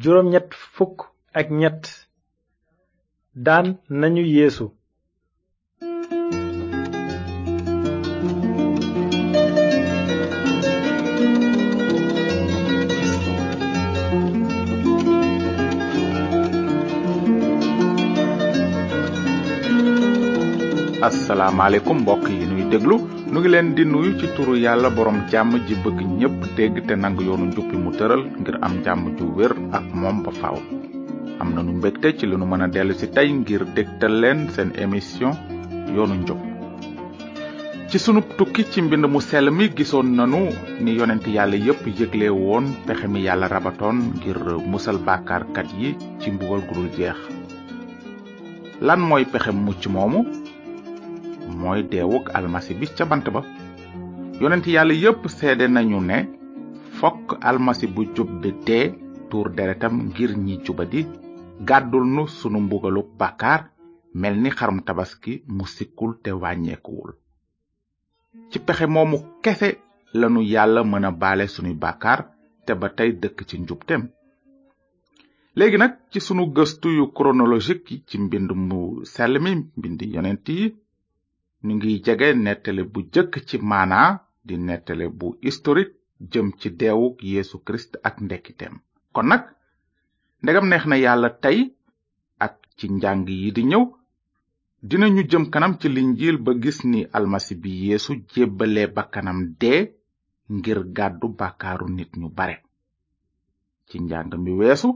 juróom ñett fukk ak ñett daan nañu Yeesu asalaamaaleykum mbokk yi nuy déglu nu ngi leen di nuyu ci turu yàlla borom jàmm ji bëgg ñépp dégg te nangu yoonu njub bi mu tëral ngir am jàmm ju wér ak moom ba faw am na nu mbégte ci li nu mën a dellu si tey ngir dégtal leen seen émission yoonu njub. ci sunu tukki ci mbind mu sel mi gisoon nanu ni yonent yàlla yépp yëgle woon pexe mi yàlla rabatoon ngir musal bàkkaarkat yi ci mbugal gu dul jeex. lan mooy pexe mucc moomu. mooy deewuk almasi bi ca bant ba yonent yàlla yépp seede nañu ne fokk almasi bu jub bi dee tuur deretam ngir ñi di gàddul nu sunu mbugalu bàkkaar mel ni xarum tabaski mu sikkul te wàññeekuwul ci pexe moomu kese lanu yàlla mën a baale sunuy bàkkaar te ba tey dëkk ci njubteem léegi nag ci sunu gëstu yu chronologique ci mbind mu sell mi mbind yonent yi ñu ngi jege nettali bu jëkk ci maana di nettale bu historique jëm ci deewuk yéesu Kirist ak ndekkiteem kon nag ndegam neex na yàlla tey ak ci njàng yi di ñëw dinañu jëm kanam ci linjiil ba gis ni almasi bi Yesu jébbale bakkanam dee ngir gàddu bàkkaaru nit ñu bare ci njàng mi weesu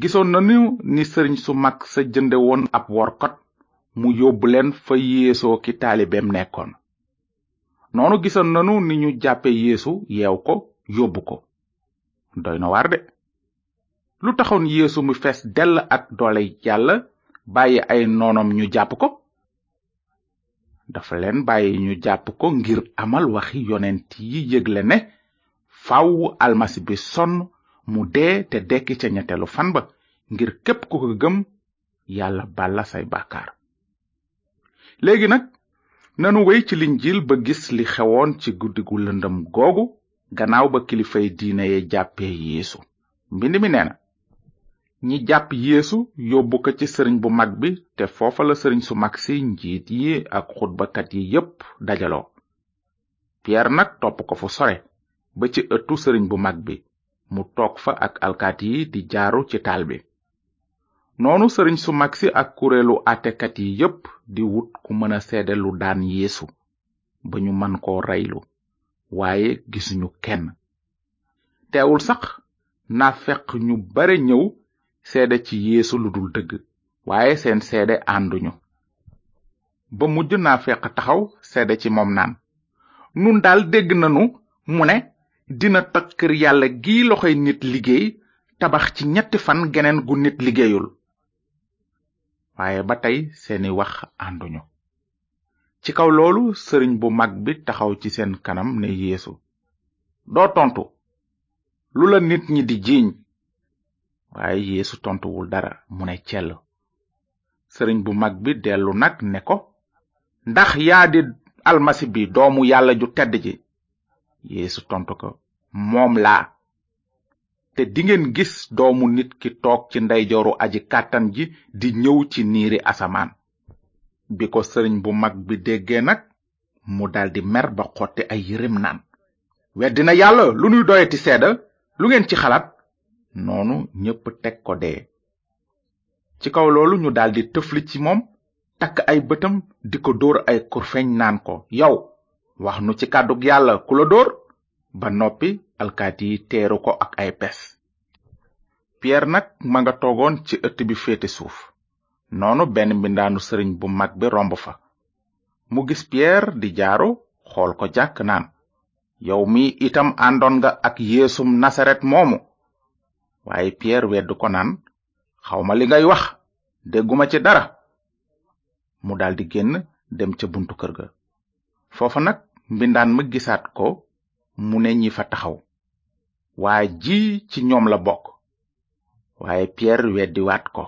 gisoon nanu ni sëriñ su mag sa jënde woon ab workot mu yóbbu leen fa yeesoo ki taalibeem nekkoon noonu gisoon nanu ni ñu jàppe yeesu yeew ko yóbbu ko doy na waar de lu taxoon yéesu mu fees dell ak doole yàlla bàyyi ay noonam ñu jàpp ko dafa leen bàyyi ñu jàpp ko ngir amal waxi yonent yi yëgle ne faw almasi bi sonn mu dee te dekki ca ñetteelu fan ba ngir képp ku ko gëm yàlla balla say bàkkaar léegi nag nanu wey ci linjiil ba gis li xewoon ci guddi gu lëndëm googu gannaaw ba kilifay diine ya jàppee yeesu mbind mi nee ñi jàpp yéesu yóbbu ko ci sëriñ bu mag bi te foofa la sëriñ su mag si njiit yi ak xutbakat yi yépp dajaloo piyeer nag topp ko fu sore ba ci ëttu sëriñ bu mag bi mu toog fa ak alkaati yi di jaaru ci taal bi noonu sëriñ su mag si ak kuréelu atekat yi yépp di wut ku mëna seede lu daan yéesu ba ñu man koo reylu waaye gisuñu kenn teewul sax na fekk ñu bare ñëw seede ci yéesu lu dul dëgg waaye seen seede ànduñu ba mujj na fekk taxaw seede ci moom naan nun daal dégg nanu mu ne dina toj kër yàlla gi loxoy nit liggéey tabax ci ñetti fan geneen gu nit liggéeyul waaye ba tey seeni wax ànduñu ci kaw loolu sëriñ bu mag bi taxaw ci seen kanam ne yéesu doo tontu lu la nit ñi di jiiñ waaye yeesu tontuwul dara mu ne cell sëriñ bu mag bi dellu nag ne ko ndax yaa di almasi bi doomu yàlla ju tedd ji yeesu tontu ko moom laa te dingeen gis doomu nit ki toog ci ndeyjooru aji kàttan ji di ñëw ci niiri asamaan bi ko sëriñ bu mag bi déggee nag mu daldi mer ba xotti ay yërem naan weddi na yàlla lu nuy doyati seeda lu ngeen ci xalaat noonu ñépp teg ko dee ci kaw loolu ñu daldi tëfli ci moom takk ay bëtam di ko dóor ay kurfeñ naan ko yow wax nu ci kàddug yàlla ku la dóor ba noppi alkaati teeru ko ak ay pes piyeer nag ma nga toogoon ci ëtt bi féete suuf noonu benn mbindaanu sëriñ bu mag bi romb fa mu gis piyeer di jaaru xool ko jàkk naan yow mi itam àndoon nga ak yeesum nasaret moomu waaye piyeer weddu ko naan xaw ma li ngay wax dégguma ci dara mu daldi génn dem ca buntu kër ga foofa nag mbindaan ma gisaat ko mu ne ñi fa taxaw waa ji ci ñoom la bokk waaye Pierre weddiwaat ko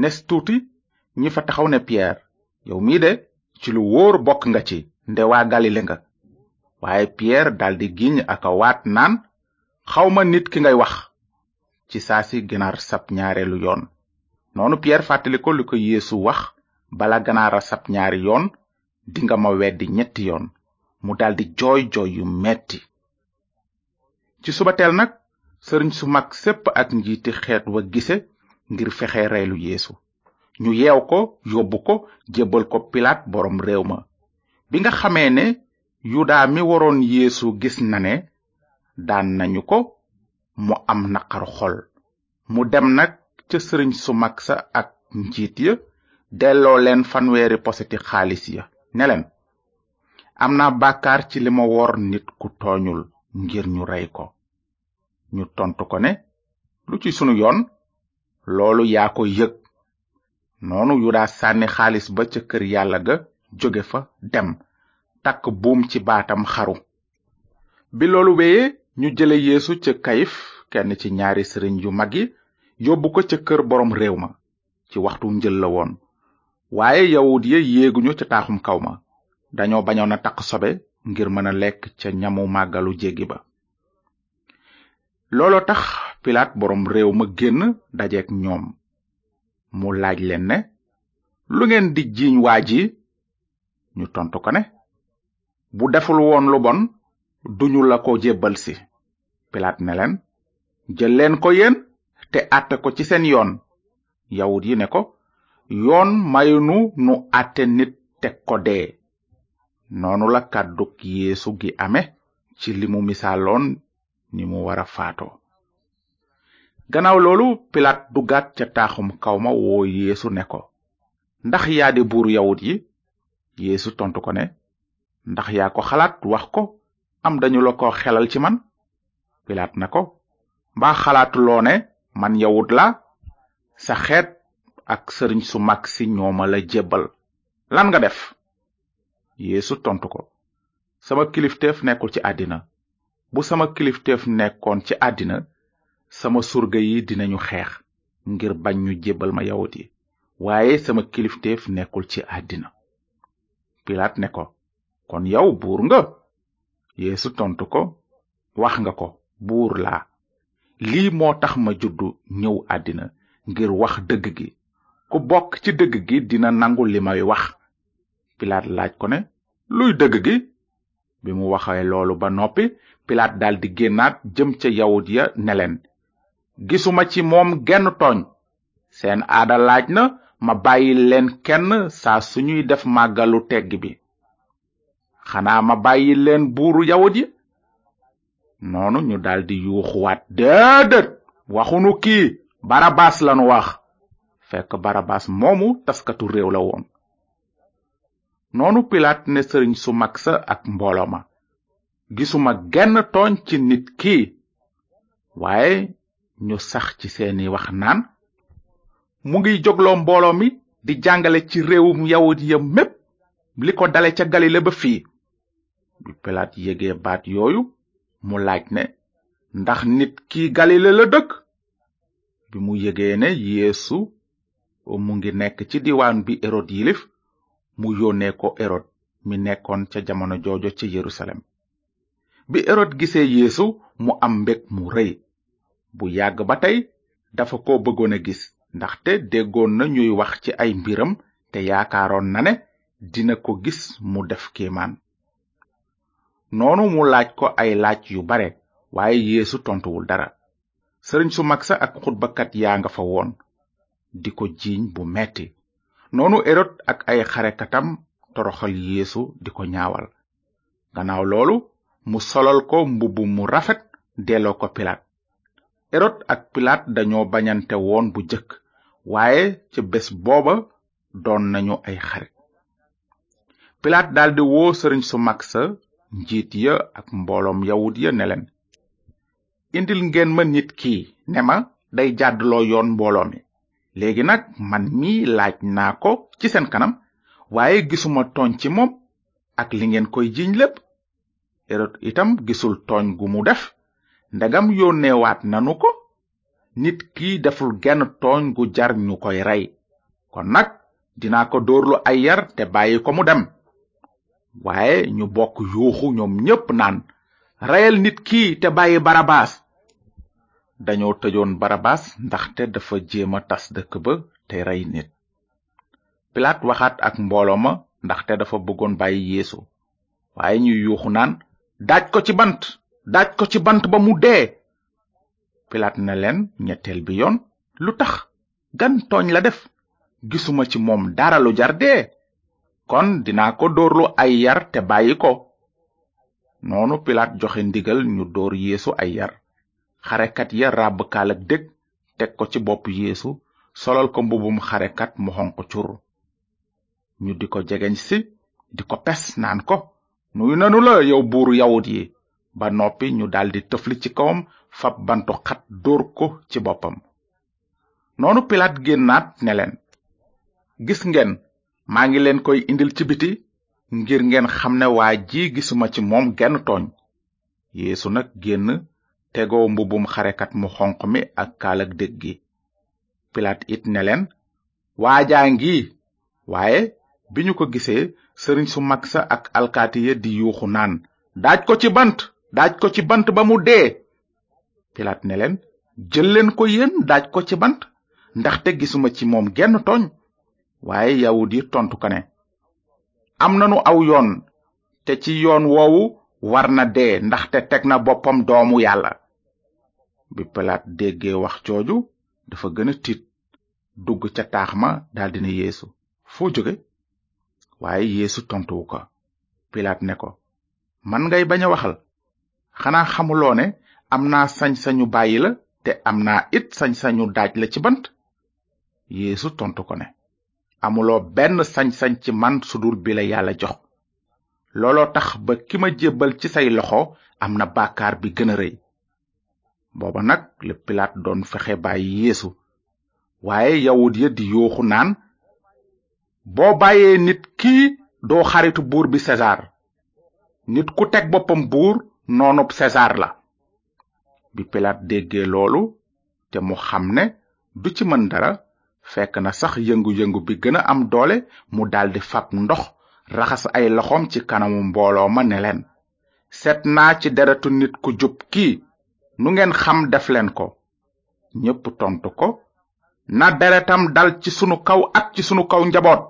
nes tuuti ñi fa taxaw ne Pierre yow mii de ci lu wóor bokk nga ci nde waa Galile nga waaye Pierre daldi giñ ak a waat naan xawma nit ki ngay wax ci saa si ganaar sab ñaareelu yoon noonu Pierre fàttali ko li ko Yeesu wax bala ganaara sab ñaari yoon dinga ma weddi ñetti yoon mu daldi jooy jooy yu metti ci subateel nag sëriñ su mag sépp ak njiiti xeet wa gise ngir fexe reylu yéesu ñu yeew ko yóbbu ko jëbal ko pilaat boroom réew ma bi nga xamee ne yudaa mi waroon yéesu gis na ne daan nañu ko mu am naqaru xol mu dem nag ca sëriñ su mag sa ak njiit ya delloo leen fanweeri poseti xaalis ya ne am na bàkkaar ci lima ma wor nit ku tooñul ngir ñu rey ko ñu tontu ko ne lu ci sunu yoon loolu yaa ko yëg noonu yuda sànni xaalis ba ca kër yàlla ga jóge fa dem takk buum ci baatam xaru bi loolu wéyee ñu jële yéesu ca kayif kenn ci ñaari sëriñ yu mag yi yóbbu ko ca kër boroom réew ma ci waxtu njël la woon waaye yawut ya yéeguñu ca taaxum kaw ma dañoo bañoon taq sobe ngir mën a lekk ca ñamu màggalu jégi ba loolo tax pilaat boroom réew ma génn dajeek ñoom mu laaj leen ne lu ngeen di jiiñ waa ji ñu tontu ko ne bu deful woon lu bon duñu la ko jébbal si pilaat ne leen jël leen ko yéen te àtte ko ci seen yoon yawut yi ne ko yoon mayunu nu àtte nit teg ko dee noonu la kàddug yeesu gi ame ci limu mu misaaloon ni mu wara faatoo ganaaw loolu pilaat duggaat ca taaxum kawma ma woo yeesu ko ndax yaa buur buuru yawut yi yeesu tontu ko ne ndax yaa ko xalaat wax ko am dañu la ko xelal ci man pilaat na ko mbaa xalaatuloo ne man yawut la sa xeet ak sëriñ su mag si ñoo ma la lan nga def yeesu tontu ko sama kilifteef nekkul ci àddina bu sama kilifteef nekkoon ci àddina sama surga yi dinañu xeex ngir bañ ñu jébbal ma yawut yi waaye sama kilifteef nekkul ci àddina pilaat ne ko kon yow buur nga yeesu tontu ko wax nga ko buur laa lii moo tax ma juddu ñëw àddina ngir wax dëgg gi ku bokk ci dëgg gi dina nangu li may wax pilaat laaj ko ne luy dëgg gi bi mu waxee loolu ba noppi pilaat daldi génnaat jëm ca yawut ya ne leen gisuma ci moom genn tooñ seen aada laaj na ma bàyyi leen kenn saa suñuy def màggalu teg bi xanaa ma bàyyi leen buuru yawut yi noonu ñu daldi yuuxuwaat déedéet waxunu kii barabaas lanu wax fekk barabaas moomu taskatu réew la woon noonu pilaat ne sëriñ su mag sa ak mbooloo ma gisuma genn tooñ ci nit kii waaye ñu sax ci seeni wax naan mu ngi jógloo mbooloo mi di jàngale ci réewum yawut ya mépp li ko dale ca galile ba fii bi pilaat yége baat yooyu mu laaj ne ndax nit ki galile la dëkk bi mu yégee ne yeesu mu ngi nekk ci diwaan bi erod yilif mu yónnee ko erod mi nekkoon ca jamono joojo ci yerusalem bi erod gisee yeesu mu am mbég mu rëy bu yàgg ba tey dafa ko bëggoon a gis ndaxte déggoon na ñuy wax ci ay mbiram te yaakaaroon na ne dina ko gis mu def kéemaan noonu mu laaj ko ay laaj yu bare waaye yeesu tontuwul dara sëriñ su mag sa ak xutbakat yaa nga fa woon di ko jiiñ bu metti noonu erod ak ay xarekatam toroxal yeesu di ko ñaawal gannaaw loolu mu solal ko mbubb mu rafet deloo ko pilaat erod ak pilaat dañoo bañante woon bu jëkk waaye ci bés booba doon nañu ay xarit pilaat daldi woo sëriñ su mag sa njiit ya ak mbooloom yawut ya ne leen indil ngeen ma nit ki ne ma day jàddloo yoon mbooloo mi léegi nag man mi laaj naa ko ci seen kanam waaye gisuma tooñ ci moom ak li ngeen koy jiiñ lépp erod itam gisul tooñ gu mu def ndegam yónneewaat nanu ko nit ki deful genn tooñ gu jar ñu koy rey kon nag dinaa ko dóorlu ay yar te bàyyi ko mu dem waaye ñu bokk yuuxu ñoom ñépp naan reyal nit ki te bàyyi barabaas dañoo tëjoon barabaas ndaxte dafa jéem a tas dëkk ba te rey nit pilaat waxaat ak mbooloo ma ndaxte dafa bëggoon bàyyi yéesu waaye ñu yuuxu naan daaj ko ci bant daaj ko ci bant ba mu dee pilaat na leen ñetteel bi yoon lu tax gan tooñ la def gisuma ci moom dara lu jar dee kon dinaa ko dóorlu ay yar te bàyyi ko noonu pilaat joxe ndigal ñu dóor yéesu ay yar xarekat ya ràbb kaalak dég teg ko ci bopp yeesu solal ko mbubum xarekat mu xonq ñu di ko jegeñ si di ko pes naan ko nuyu nanu la yow buur yawut yi ba noppi ñu daldi tëfli ci kawam fab bantu xat dóor ko ci boppam noonu pilaat génnaat ne leen gis ngeen maa ngi leen koy indil ci biti ngir ngeen xam ne waa ji gisuma ci moom genn tooñ yeesu nag génn tego mbubum xarekat mu xonq mi ak kaalag dëg gi pilaat it ne leen waajaa ngi waaye bi ñu ko gisee sëriñ su mag sa ak alkaati ya di yuuxu naan daaj ko ci bant daaj ko ci bant ba mu dee pilaat ne leen jël leen ko yéen daaj ko ci bant ndaxte gisuma ci moom genn tooñ waaye yawut yi tontu ko ne am na nu aw yoon te ci yoon woowu war na dee ndaxte teg na boppam doomu yàlla bi palaat déggee wax cooju dafa gën a tiit dugg ca taax ma daldi ne yeesu foo jóge waaye yeesu tontuwu ko pilaat ne ko man ngay bañ a waxal xanaa xamuloo ne am na sañ-sañu bàyyi la te am na it sañ-sañu daaj la ci bant yeesu tontu ko ne amuloo benn sañ-sañ ci man sudul bi la yàlla jox looloo tax ba ki ma jébbal ci say loxo am na bàkkaar bi gën a rëy booba nag le pilaat doon fexe bàyyi yeesu waaye yawut ya di yooxu naan boo bàyyee nit kii doo xaritu buur bi sesaar nit ku teg boppam buur noonub sesaar la bi pilaat déggee loolu te mu xam ne du ci mën dara fekk na sax yëngu-yëngu bi gën a am doole mu daldi fab ndox raxas ay loxoom ci kanamu mbooloo ma ne leen seet naa ci deretu nit ku jub kii nu ngeen xam def leen ko ñépp tontu ko na deretam dal ci sunu kaw ak ci sunu kaw njaboot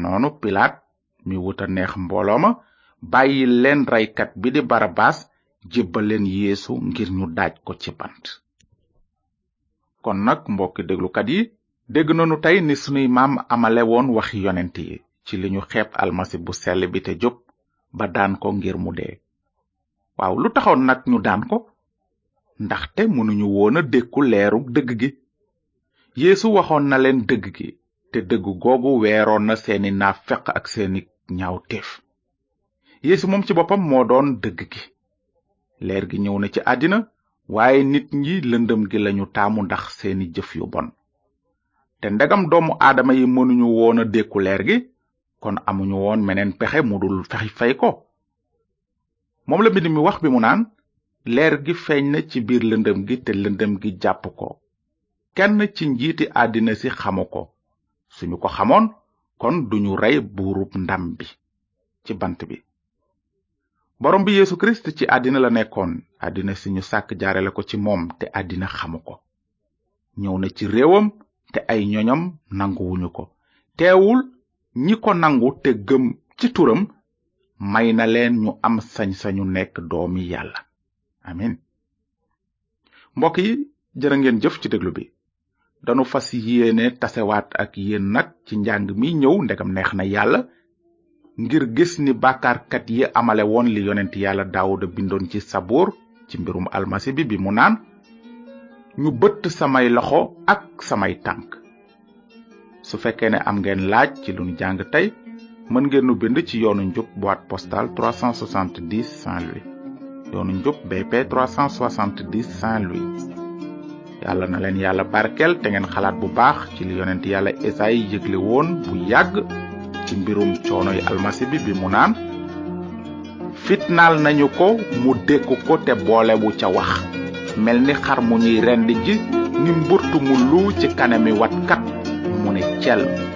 noonu pilaat mi wuta neex mbooloo ma bàyyi leen reykat bi di barabaas jébbal leen yeesu ngir ñu daaj ko ci bant kon nag mbokki déglukat yi dégg nañu tey ni sunuy maam amale woon waxi yonent yi ci li ñu xeeb almasi bu sell bi te jóg ba daan ko ngir mu dee waaw lu taxoon nag ñu daan ko ndaxte mënuñu woon a dékku leeru dëgg gi yéesu waxoon na leen dëgg gi te dëgg googu weeroon na seeni naafeq ak seeni ñaaw ñaawteef yéesu moom ci boppam moo doon dëgg gi leer gi ñëw na ci àddina waaye nit ñi lëndëm gi lañu taamu ndax seeni jëf yu bon te ndegam doomu aadama yi mënuñu woon a dékku leer gi kon amuñu woon meneen pexe mu dul fexi fay ko moom la mbind mi wax bi mu naan leer gi feeñ na ci biir lëndëm gi te lëndëm gi jàpp ko kenn ci njiiti àddina si xamu ko suñu ko xamoon kon duñu rey buurub ndam bi ci bant bi borom bi yéesu kirist ci àddina la nekkoon àddina si ñu sàkk jaare la ko ci moom te àddina xamu ko ñëw na ci réewam te ay ñoñam nanguwuñu ko teewul ñi ko nangu te gëm ci turam may na leen ñu am sañ-sañu nekk doomi yàlla amin mbokk yi jërë ngeen jëf ci déglu bi danu fas yéene tasewaat ak yéen nag ci njàng mi ñëw ndegam neex na yàlla ngir gis ni bàkkaarkat yi amale woon li yonent yàlla daawuda bindoon ci sabuur ci mbirum almasi bi bi mu naan ñu bëtt samay loxo ak samay tànk su fekkee ne am ngeen laaj ci lu nu jàng tey mën ngeen nu bind ci yoonu njub boîte postale 370 Saint-Louis yoonu njub BP 370 Saint-Louis yàlla na leen yàlla barkeel te ngeen xalaat bu baax ci li yonent yàlla Esayi yëgle woon bu yàgg ci mbirum coono yi almasi bi bi mu naan fitnaal nañu ko mu dékku ko te bu ca wax mel ni xar mu ñuy rend ji ni mburtu lu ci kanami watkat mu ne cel